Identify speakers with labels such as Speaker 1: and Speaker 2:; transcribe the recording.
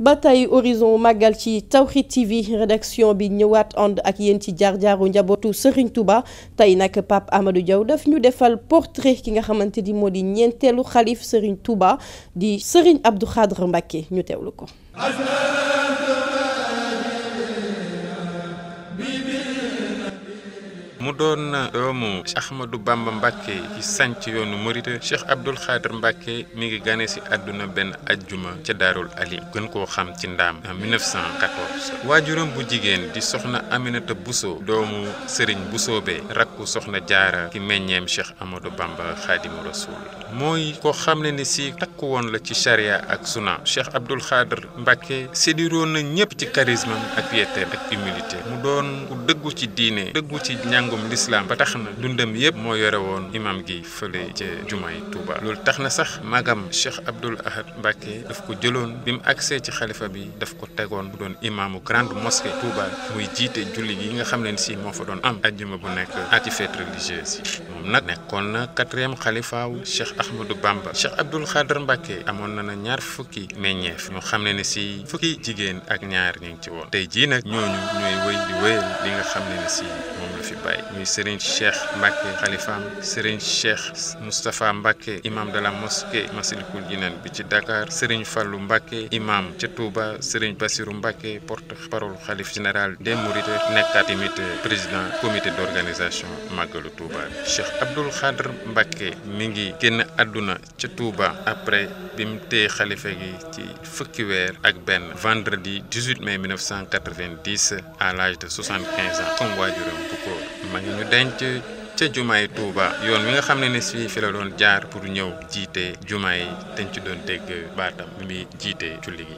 Speaker 1: ba tey horizon màggal ci Tawhid TV rédaction bi ñëwaat ànd ak yéen ci jaar-jaaru njabootu Serigne Touba tey nag Pape Amadou Diaw daf ñu defal portrait ki nga xamante ni moo di ñeenteelu xalif Serigne Touba di sëriñ Abdou Khadre Mbacké ñu teewlu ko. mu doon doomu Cheikh Ahmadou Bamba Mbacke ci yoonu Morita Cheikh Abdoul Khadir Mbacke mi ngi gane si àdduna benn ajjuma ca Daarul Alim gën koo xam ci ndaam en 1914. waajuram bu jigéen di soxna Aminata Bousso doomu Serigne Bousso be rakku soxna jaara ki meññeem Cheikh Amadou Bamba Khadimu Rasoul mooy koo xam ne ni si takku woon la ci charia ak suna Cheikh Abdoul Khadir Mbacke séddiroon na ñëpp ci charisme ak piété ak humilité mu doon ku dëggu ci diine dëggu ci ñàng jàngum lislaam ba tax na dundam yëpp moo yore woon imam gi fële ca jumaay Touba loolu tax na sax magam Cheikh Abdoul Ahad Mbacké daf ko jëloon bi mu agsee ci xalifa bi daf ko tegoon bu doon imaamu grande mosquée Touba muy jiite julli yi nga xam ne si moo fa doon am ajjuma bu nekk ati fête religieuse yi moom nag nekkoon na quatrième xalifaawu Cheikh Ahmadou Bamba Cheikh Abdoul Khadr Mbacké amoon na na ñaar fukki meññeef ñoo xam ne ni si fukki jigéen ak ñaar ñu ci woon tey jii nag ñooñu ñooy nga xam ne Baye muy Serigne Cheikh Mbacke xalifaam Serigne Cheikh Moustapha Mbacke imam de la mosquée Massalikul Jinaan bi ci Dakar Serigne Fallou Mbacke imam ca Touba Serigne Bassirou Mbacke porte-parole xalif général des Mourides nekkaat tamit président comité d'organisation màggalu Touba Cheikh Abdoul Khadr Mbacke mi ngi génn àdduna ca Touba après bi mu téye xalifa gi ci fukki weer ak benn vendredi 18 mai 1990 à l'âge de 75 ans comme waajuram bu ko mag ngi ñu denc ca jumaay Touba yoon wi nga xam ne ne sii fi la doon jaar pour ñëw jiite jumaa yi dañ ci doon dégg baatam mi jiite julli gi